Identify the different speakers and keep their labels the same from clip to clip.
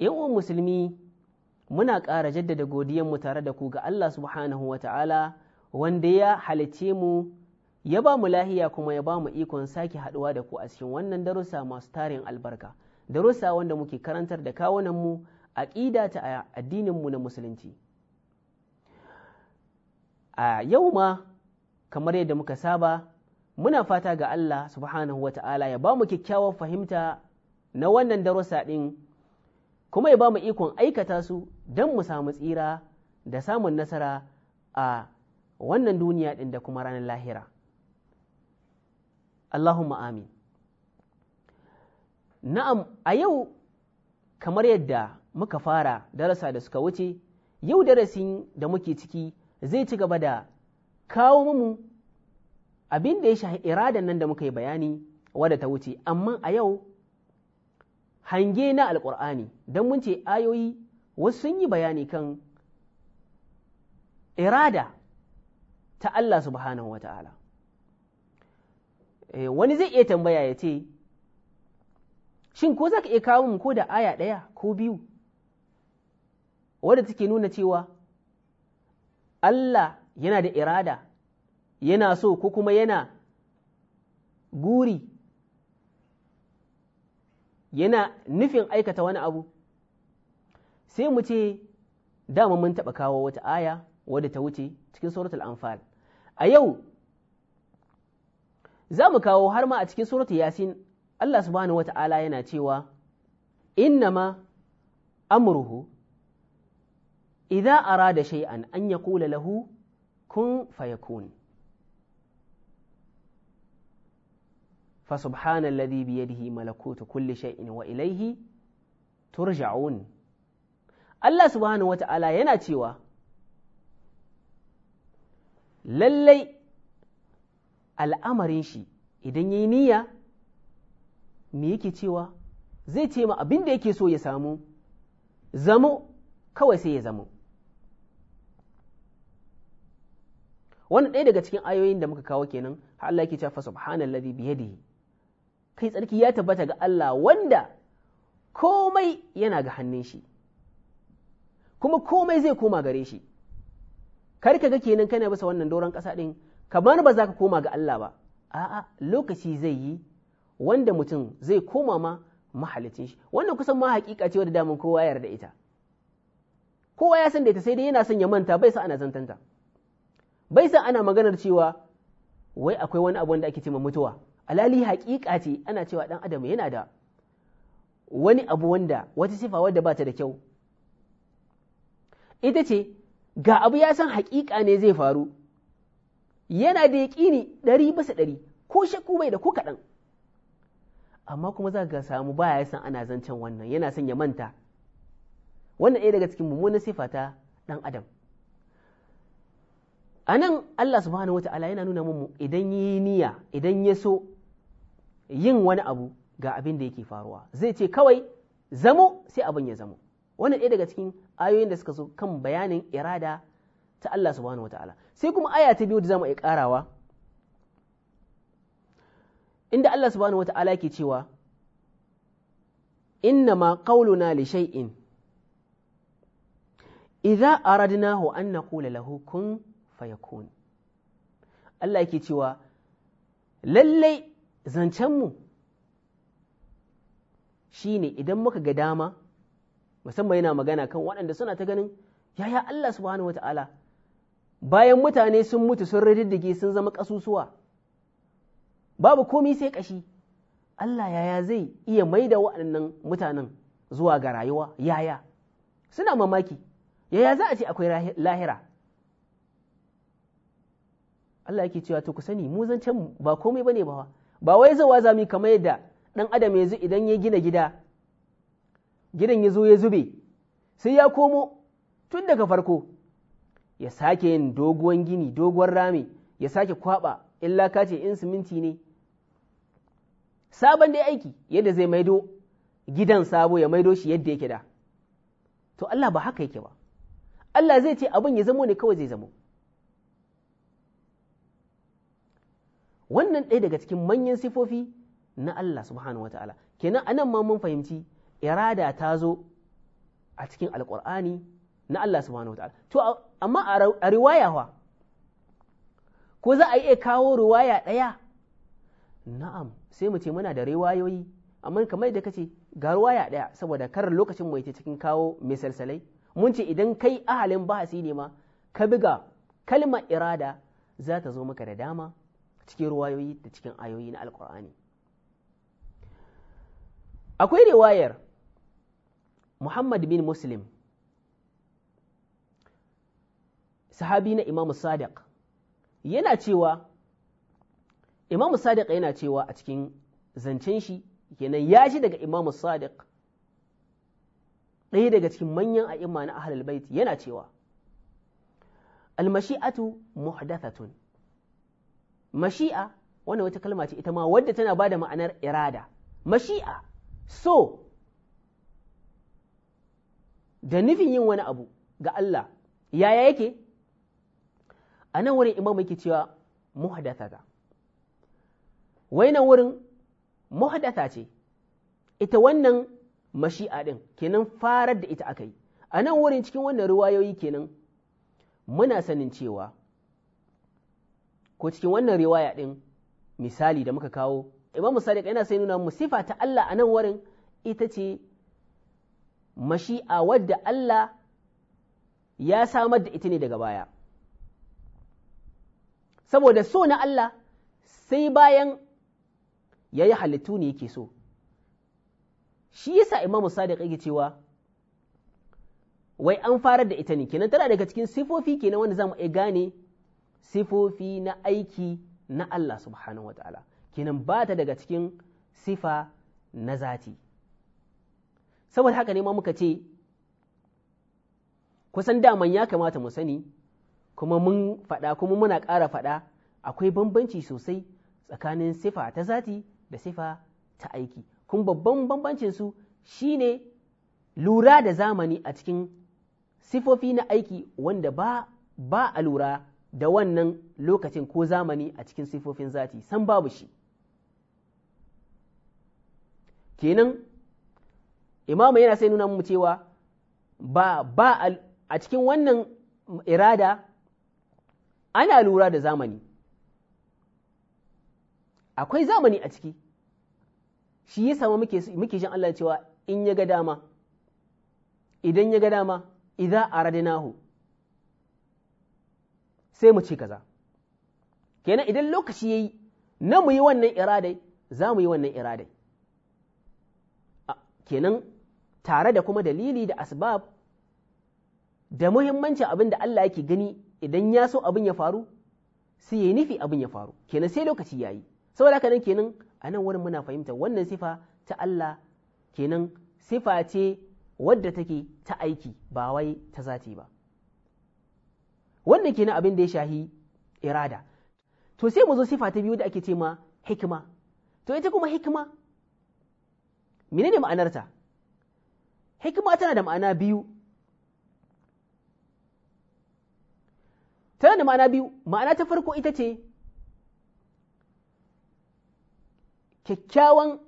Speaker 1: uwan musulmi muna ƙara jaddada godiyanmu tare da ku ga Allah subhanahu wa ta'ala wanda ya halice mu ya ba mu lahiya kuma ya ba mu ikon sake haɗuwa da ku a cikin wannan darussa masu tarin albarka darussa wanda muke karantar da kawunanmu aƙida ta addininmu na musulunci a yau ma kamar yadda muka saba muna fata ga Allah subhanahu wa ta'ala ya ba mu kyakkyawar fahimta na wannan darussa ɗin kuma ya ba mu ikon aikata su don mu samu tsira da samun nasara a wannan duniya ɗin da kuma ranar lahira Allahumma amin na'am a yau kamar yadda muka fara darasa da suka wuce yau darasin da muke ciki zai ci gaba da kawo mu abin da ya shahi iradan nan da muka yi bayani wadda ta wuce amma a yau hange na alƙur'ani don mun ce ayoyi wasu sun yi bayani kan irada ta Allah subhanahu wa ta'ala eh, wani zai iya tambaya ya ce shin ko za ka iya kawo ko da aya ɗaya ko biyu wadda take nuna cewa Allah yana da irada yana so ko kuma yana guri yana nufin aikata wani abu sai mu ce dama mun taɓa kawo wata aya wadda ta wuce cikin suratul anfal a yau za mu kawo har ma a cikin suratul yasin Allah subhanahu wata'ala yana cewa innama amruhu idza arada shay'an an yaqula lahu kun fayakun fa subhanalladhi bi yadihi malakutu kulli shay'in wa ilayhi turja'un Allah subhanahu wata'ala yana cewa lallai al'amarin shi idan yayi niyya me yake cewa zai ce ma abin da yake so ya samu zamo kawai sai ya zamo Wani ɗaya daga cikin ayoyin da muka kawo kenan har Allah yake cewa subhanallazi biyadihi kai tsarki ya tabbata ga Allah wanda komai yana ga hannun shi kuma komai zai koma gare shi kar ka ga kenan kana bisa wannan doron ƙasa ɗin kamar ba za ka koma ga Allah ba a'a lokaci zai yi wanda mutum zai koma ma mahalicin shi wannan kusan ma hakika ce wadda damun kowa ya yarda ita kowa ya san da ita sai dai yana son ya manta bai sa ana zantanta bai sa ana maganar cewa wai akwai wani abu wanda ake ce mutuwa alali haƙiƙa ce ana cewa ɗan adam yana da wani abu wanda wata sifa wadda ba ta da kyau ita ce ga abu ya san haƙiƙa ne zai faru yana da yaƙini ɗari bisa ɗari ko shakku bai da ko kaɗan amma kuma za ka samu baya san ana zancen wannan yana son ya manta wannan ɗaya daga cikin mummunan sifa ta ɗan adam a nan Allah subhanahu wa ta'ala yana nuna mu idan yi niyya idan ya so yin wani abu ga abin da yake faruwa zai ce kawai zamo sai abin ya zamo wannan ɗaya daga cikin ayoyin da suka zo kan bayanin irada ta Allah subhanahu ta'ala sai kuma aya ta biyu da zamu iya karawa inda Allah subhanahu ta'ala ke cewa ma qauluna li shay'in idza aradnahu an naqula lahu kun fayakun Allah yake cewa lallai zancenmu shi ne idan muka ga dama musamman yana magana kan waɗanda suna ta ganin yaya Allah subhanahu wata'ala bayan mutane sun mutu sun radiddige sun zama ƙasusuwa babu komi sai ƙashi Allah yaya zai iya maida waɗannan mutanen zuwa ga rayuwa yaya suna mamaki yaya za a ce akwai lahira Allah yake cewa to ku sani mu zancen ba komai bane ba ba wai zuwa zami kamar yadda ɗan adam ya zu idan ya gina gida gidan ya zo ya zube sai ya komo tun daga farko ya sake yin doguwan gini doguwar rami ya sake kwaba illa ka ce in siminti ne sabon dai aiki yadda zai maido gidan sabo ya maido shi yadda yake da to Allah ba haka yake ba Allah zai ce abin ya zamo ne kawai zai zamo wannan ɗaya daga cikin manyan sifofi na Allah subhanahu wa ta'ala kenan anan ma mun fahimci irada ta zo a cikin alƙur'ani na Allah subhanahu wa ta'ala to amma a riwaya wa ko za a iya kawo riwaya ɗaya na'am sai mu ce muna da riwayoyi amma kamar da kace ga riwaya ɗaya saboda kar lokacin mu ta cikin kawo misalsalai mun ce idan kai ahalin bahasi ne ma ka biga kalmar irada za ta zo maka da dama cikin ruwayoyi da cikin ayoyi na alkur'ani akwai riwayar muhammad bin muslim sahabi na imamu sadiq yana cewa imamu sadiq yana cewa a cikin zancen shi kenan ya ji daga imamu sadiq ɗaya daga cikin manyan a'imma na ahlul bait yana cewa almashi'atu muhdathatun mashi'a wannan wata kalma ce ita ma wadda tana ba da ma'anar irada mashi'a so da nufin yin wani abu ga Allah yaya yake a nan wurin imam yake cewa muhdathata wai nan wurin muhdatha ce ita wannan mashi'a ɗin kenan farar da ita aka yi a nan wurin cikin wannan ruwayoyi kenan muna sanin cewa ko cikin wannan riwaya ɗin misali da muka kawo imam sadiq yana sai nuna mu sifa ta Allah a nan wurin ita ce mashi'a wadda Allah ya samar da ita ne daga baya saboda so na Allah sai bayan ya yi halittu ne yake so shi yasa imam sadiq yake cewa wai an farar da ita ne kenan tana daga cikin sifofi kenan wanda za mu iya gane sifofi na aiki na Allah subhanahu wata'ala kenan ba ta daga cikin sifa na zati saboda haka ne ma muka ce kusan daman ya kamata mu sani kuma mun faɗa kuma muna ƙara faɗa akwai bambanci sosai tsakanin sifa ta zati da sifa ta aiki kuma babban bambancin su shine lura da zamani a cikin sifofi na aiki wanda ba ba a lura da wannan lokacin ko zamani a cikin sifofin zati san babu shi kenan imamu yana sai nuna mu cewa ba ba a cikin wannan irada ana lura da zamani akwai zamani a ciki shi ya sama muke jin Allah cewa in ya ga dama idan ya ga dama idza aradnahu sai mu ce kaza kenan idan lokaci yayi na mu yi wannan iradai za mu yi wannan iradai kenan tare da kuma dalili da asbab da muhimmancin abin da Allah yake gani idan ya so abin ya faru sai ya nufi abin ya faru kenan sai lokaci yayi saboda haka nan kenan a nan wurin muna fahimta wannan sifa ta Allah kenan sifa ce wadda take ta aiki ba wai ta zati ba wannan kenan abin da ya shahi irada to sai mu zo sifa ta biyu da ake ce ma hikima to ita kuma hikima menene ma'anarta hikima tana da ma'ana biyu tana da ma'ana biyu ma'ana ta farko ita ce kyakkyawan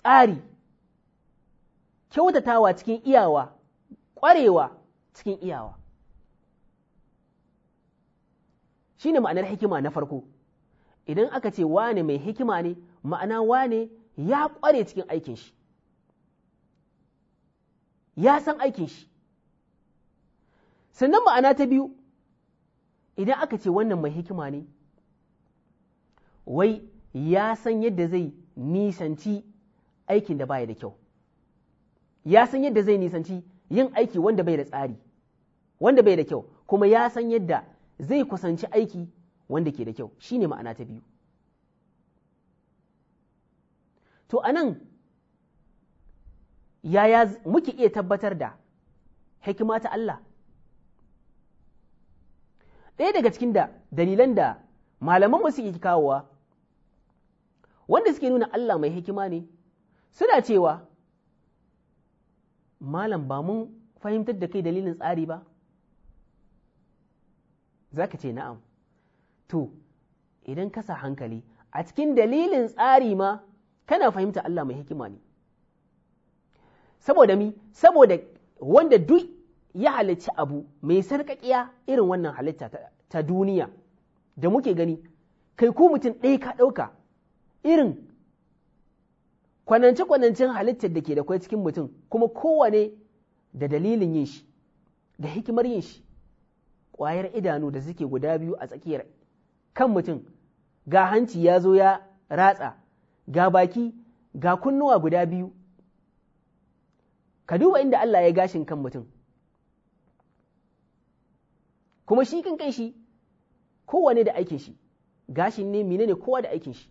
Speaker 1: tsari kyautatawa cikin iyawa ƙwarewa cikin iyawa shine ma'anar hikima na farko idan aka ce wane mai hikima ne ma'ana wane ya ƙware cikin aikin shi ya san aikin shi sannan ma'ana ta biyu idan aka ce wannan mai hikima ne wai ya san yadda zai nisanci aikin da baya da kyau ya san yadda zai nisanci yin aiki wanda bai da tsari wanda bai da kyau kuma ya san yadda zai kusanci aiki wanda ke da kyau shi ne ma'ana ta biyu to anan yaya muke iya tabbatar da hikima ta Allah ɗaya daga cikin da dalilan da malaman mu suke kawowa wanda suke nuna Allah mai hikima ne suna cewa malam ba mun fahimtar da kai dalilin tsari ba za ka ce na'am to idan ka sa hankali a cikin dalilin tsari ma kana fahimta Allah mai hikima ne saboda mi saboda wanda duk ya halicci abu mai sarƙaƙiya irin wannan halitta ta duniya da muke gani kai ku mutum ɗaya ka ɗauka irin kwanance-kwanancen halittar da ke da kwai cikin mutum kuma kowane da dalilin yin shi da hikimar yin shi ƙwayar idanu da suke guda biyu a tsakiyar kan mutum ga hanci ya zo ya ratsa ga baki ga kunnuwa guda biyu ka duba inda Allah ya gashin kan mutum kuma shi kan kai shi kowane da aikin shi gashin ne mine ne kowa da aikin shi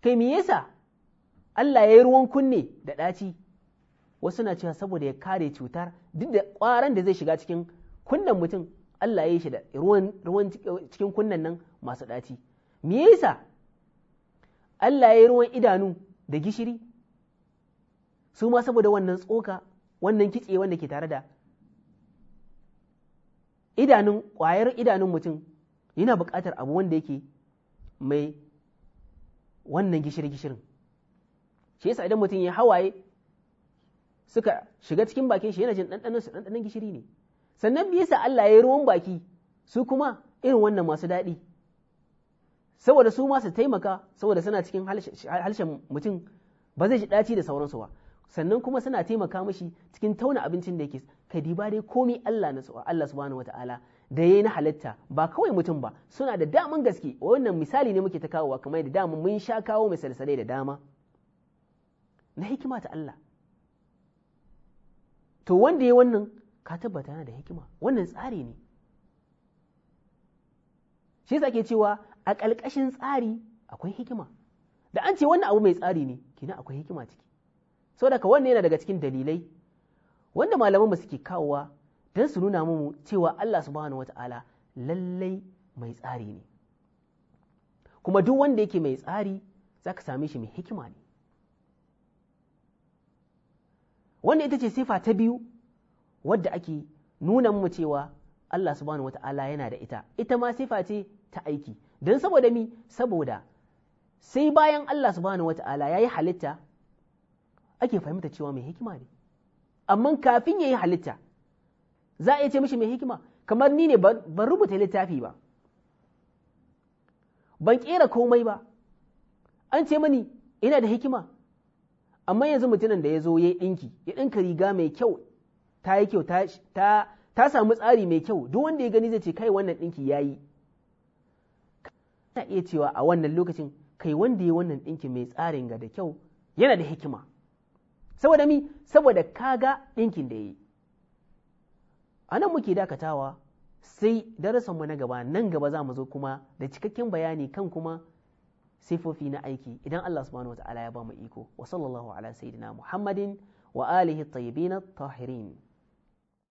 Speaker 1: kai me yasa Allah ya yi ruwan kunne da ɗaci wasu na cewa saboda ya kare cutar duk da kwaran da zai shiga cikin kunnen mutum Allah ya yi shi da ruwan cikin kunnen nan masu ɗaci me yasa Allah ya yi ruwan idanu da gishiri su ma saboda wannan tsoka wannan kitse wanda ke tare da idanun ƙwayar idanun mutum yana buƙatar abu wanda yake mai wannan gishiri-gishirin shi yasa idan mutum ya hawaye suka shiga cikin bakin shi yana jin ɗanɗanon su ɗanɗanon gishiri ne sannan me yasa Allah ya yi ruwan baki su kuma irin wannan masu daɗi saboda su ma su taimaka saboda suna cikin halshen mutum ba zai ji ɗaci da sauransu ba sannan kuma suna taimaka mishi cikin tauna abincin da yake ka diba dai komi Allah na Allah subhanahu wata'ala da yayi na halitta ba kawai mutum ba suna da daman gaske wannan misali ne muke ta kawowa kamar da daman mun sha kawo misalsalai da dama na hikima ta Allah to wanda ya wannan ka tabbata yana da hikima wannan tsari ne shi yasa ke cewa a ƙalƙashin tsari akwai hikima da an ce wannan abu mai tsari ne kina akwai hikima ciki saboda ka wannan yana daga cikin dalilai wanda malaman mu suke kawowa don su nuna mu cewa Allah subhanahu wata'ala lallai mai tsari ne kuma duk wanda yake mai tsari zaka ka same shi mai hikima ne wanda ita ce sifa ta biyu wadda ake nuna mu cewa Allah subhanahu wata'ala yana da ita ita ma sifa ce ta aiki don saboda mi saboda sai bayan Allah subhanahu wata'ala ya yi halitta ake fahimta cewa mai hikima ne amma kafin ya yi halitta za a iya ce mishi mai hikima kamar ni ne ban rubuta littafi ba ban kera komai ba an ce mani ina da hikima amma yanzu mutumin da ya zo ya ɗinki ya ɗinka riga mai kyau ta yi kyau ta samu tsari mai kyau duk wanda ya gani zai ce kai wannan ɗinki ya yi iya cewa a wannan lokacin kai wanda ya wannan ɗinki mai tsarin ga da kyau yana da hikima saboda mi saboda kaga ɗinkin da ya yi a nan muke dakatawa sai darasanmu na gaba nan gaba za mu zo kuma da cikakken bayani kan kuma sifofi na aiki idan Allah subhanahu wa ta'ala ya ba mu iko wa sallallahu ala sayyidina Muhammadin wa alihi tayyibin tahirin